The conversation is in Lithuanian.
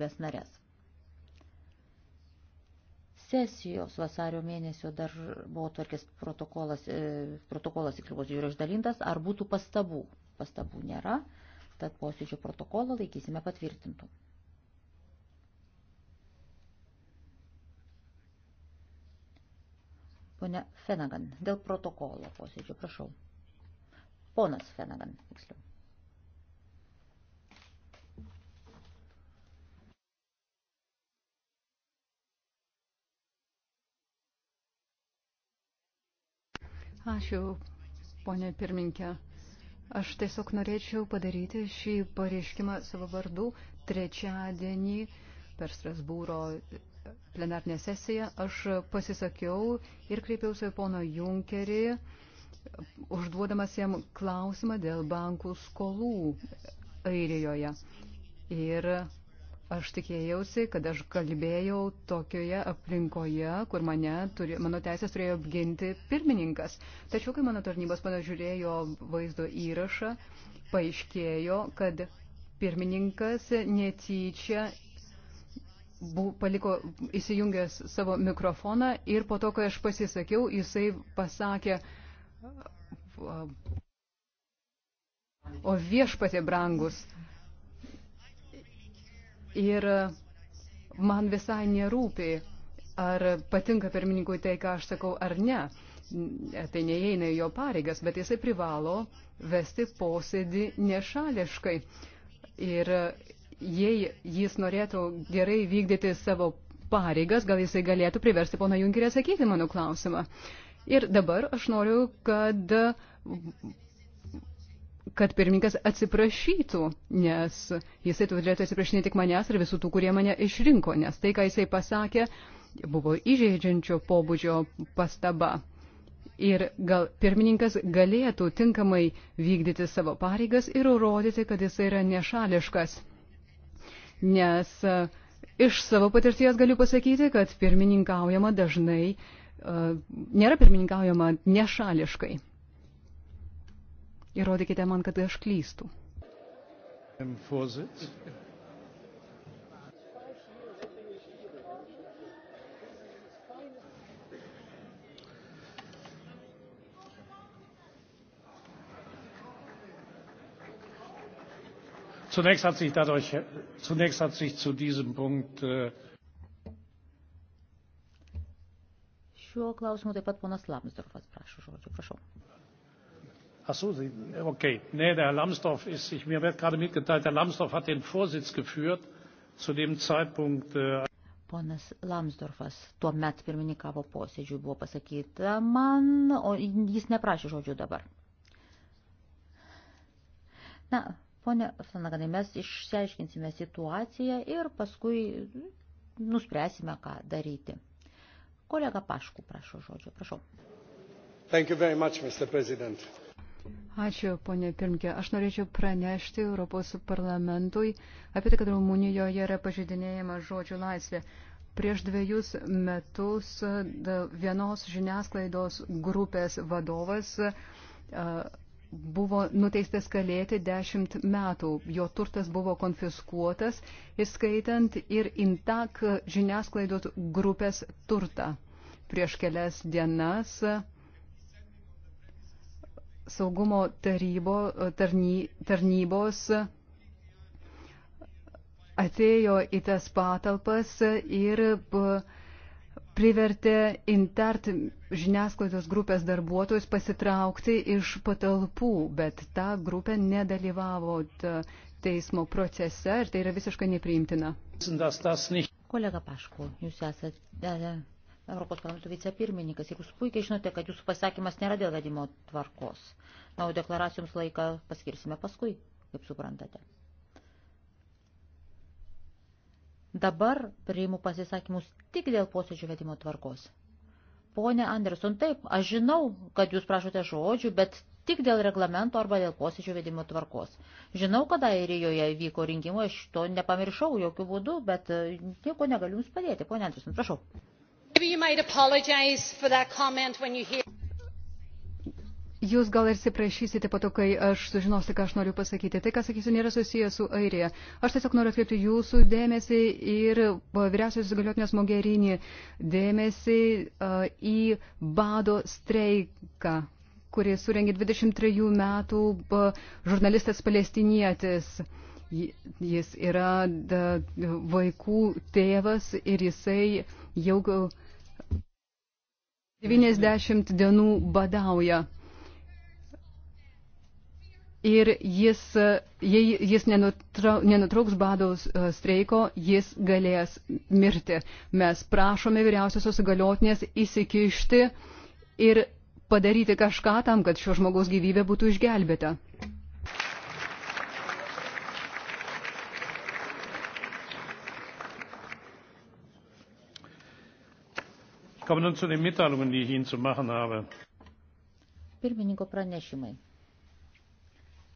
valstybės narės. Sesijos vasario mėnesio dar buvo tvarkės protokolas, e, protokolas įkrivos jūro išdalintas, ar būtų pastabų. Pastabų nėra, tad posėdžio protokolą laikysime patvirtintų. Pone Fenagan, dėl protokolo posėdžio, prašau. Ponas Fenagan, tiksliau. Ačiū, ponė pirminkė. Aš tiesiog norėčiau padaryti šį pareiškimą savo vardu trečiadienį per Strasbūro plenarnę sesiją. Aš pasisakiau ir kreipiausi į pono Junkerį, užduodamas jam klausimą dėl bankų skolų Airijoje. Ir Aš tikėjausi, kad aš kalbėjau tokioje aplinkoje, kur mane turi, mano teisės turėjo apginti pirmininkas. Tačiau, kai mano tarnybos panažiūrėjo vaizdo įrašą, paaiškėjo, kad pirmininkas netyčia bu, paliko įsijungęs savo mikrofoną ir po to, kai aš pasisakiau, jisai pasakė, o viešpatė brangus ir man visai nerūpi, ar patinka pirmininkui tai, ką aš sakau, ar ne. Tai neįeina į jo pareigas, bet jisai privalo vesti posėdį nešališkai. Ir jei jis norėtų gerai vykdyti savo pareigas, gal jisai galėtų priversti pono Junkerį atsakyti mano klausimą. Ir dabar aš noriu, kad kad pirmininkas atsiprašytų, nes jisai turėtų atsiprašyti ne tik manęs ir visų tų, kurie mane išrinko, nes tai, ką jisai pasakė, buvo įžeidžiančio pobūdžio pastaba. Ir gal pirmininkas galėtų tinkamai vykdyti savo pareigas ir rodyti, kad jisai yra nešališkas. Nes e, iš savo patirties galiu pasakyti, kad pirmininkaujama dažnai, e, nėra pirmininkaujama nešališkai. Įrodykite man, kad aš klystu. Zunächst hat sich dadurch, zunächst hat sich zu diesem Punkt äh, Šiuo klausimu taip pat ponas Lamsdorfas prašo žodžio. Prašau so, okay. Nee, der Herr Lambsdorff ist, ich, mir wird gerade mitgeteilt, Herr Lambsdorff hat den Vorsitz geführt zu dem Zeitpunkt. Äh, Ponas Lamsdorfas tuo met pirmininkavo posėdžiui, buvo pasakyta man, o jis neprašė žodžių dabar. Na, ponė Flanaganai, mes išsiaiškinsime situaciją ir paskui nuspręsime, ką daryti. Kolega Paškų prašo žodžio, prašau. Thank you very much, Mr. President. Ačiū, ponė Pirmke. Aš norėčiau pranešti Europos parlamentui apie tai, kad Rumunijoje yra pažydinėjama žodžių laisvė. Prieš dviejus metus vienos žiniasklaidos grupės vadovas buvo nuteistas kalėti dešimt metų. Jo turtas buvo konfiskuotas, įskaitant ir intak žiniasklaidos grupės turtą. Prieš kelias dienas uh, saugumo tarybo, tarny, tarnybos atėjo į tas patalpas ir privertė Intart žiniasklaidos grupės darbuotojus pasitraukti iš patalpų, bet ta grupė nedalyvavo teismo procese ir tai yra visiškai nepriimtina. Kolega Paškų, jūs esate Europos parlamento vicepirmininkas. Ir jūs puikiai žinote, kad jūsų pasakymas nėra dėl vedimo tvarkos. Na, o deklaracijoms laiką paskirsime paskui, kaip suprantate. Dabar priimu pasisakymus tik dėl posėdžio vedimo tvarkos. Pone Anderson, taip, aš žinau, kad jūs prašote žodžių, bet tik dėl reglamento arba dėl posėdžio vedimo tvarkos. Žinau, kada Airijoje vyko rinkimai, aš to nepamiršau jokių būdų, bet e, nieko negaliu jums padėti. Pone Anderson, prašau. Jūs gal ir siprašysite po to, kai aš sužinosiu, ką aš noriu pasakyti. Tai, ką sakysiu, nėra susijęs su Airija. Aš tiesiog noriu atkreipti jūsų dėmesį ir vyriausios įgaliotinės Mogerinį dėmesį uh, į bado streiką, kurį surengė 23 metų uh, žurnalistas palestinietis. Uh, Jis yra vaikų tėvas ir jisai jau 90 e, dienų badauja. Ir jis, jei jis nenutrauks badaus e, streiko, jis galės mirti. Mes prašome vyriausiosios įgaliotinės įsikišti ir padaryti kažką tam, kad šio žmogaus gyvybė būtų išgelbėta. Pirmininko pranešimai.